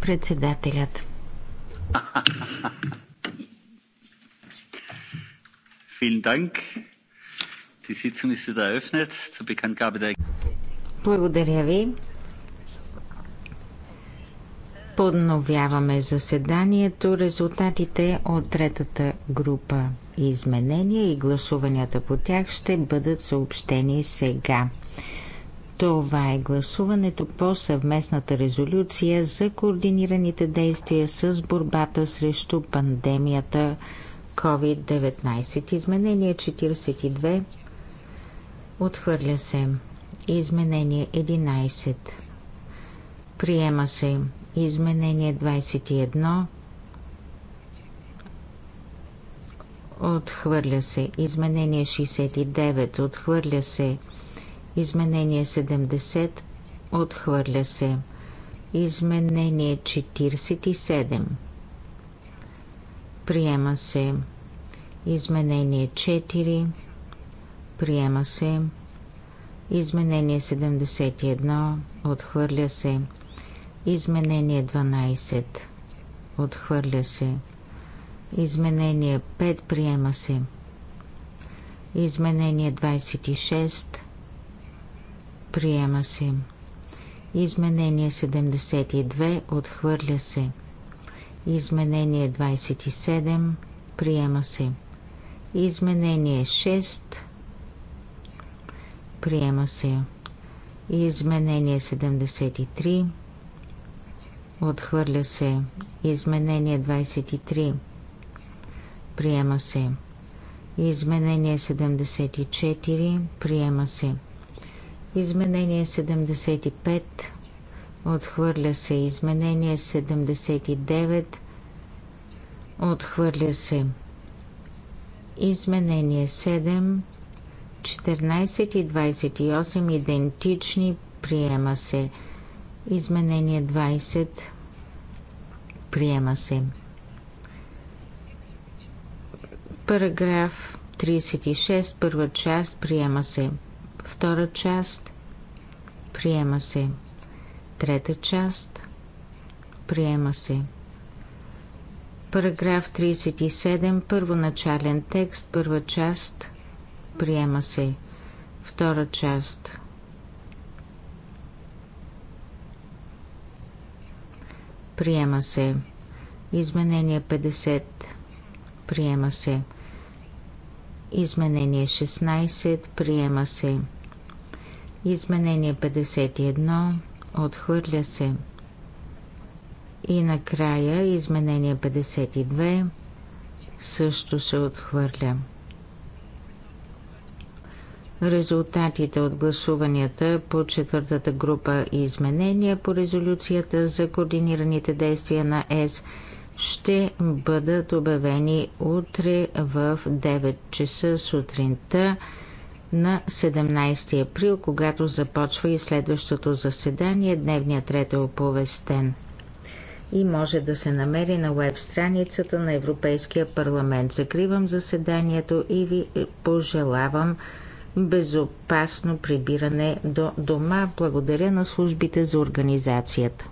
Председателят. Благодаря ви. Подновяваме заседанието. Резултатите от третата група изменения и гласуванията по тях ще бъдат съобщени сега. Това е гласуването по съвместната резолюция за координираните действия с борбата срещу пандемията COVID-19. Изменение 42 отхвърля се. Изменение 11 приема се. Изменение 21 отхвърля се. Изменение 69 отхвърля се. Изменение 70 отхвърля се. Изменение 47 приема се. Изменение 4 приема се. Изменение 71 отхвърля се. Изменение 12 отхвърля се. Изменение 5 приема се. Изменение 26 Приема се. Изменение 72 отхвърля се. Изменение 27 приема се. Изменение 6 приема се. Изменение 73 отхвърля се. Изменение 23 приема се. Изменение 74 приема се. Изменение 75. Отхвърля се. Изменение 79. Отхвърля се. Изменение 7. 14 и 28 идентични. Приема се. Изменение 20. Приема се. Параграф 36. Първа част. Приема се. Втора част. Приема се. Трета част. Приема се. Параграф 37. Първоначален текст. Първа част. Приема се. Втора част. Приема се. Изменение 50. Приема се. Изменение 16. Приема се. Изменение 51 отхвърля се. И накрая изменение 52 също се отхвърля. Резултатите от гласуванията по четвъртата група и изменения по резолюцията за координираните действия на ЕС ще бъдат обявени утре в 9 часа сутринта на 17 април, когато започва и следващото заседание. Дневният ред е оповестен и може да се намери на веб страницата на Европейския парламент. Закривам заседанието и ви е, пожелавам безопасно прибиране до дома. Благодаря на службите за организацията.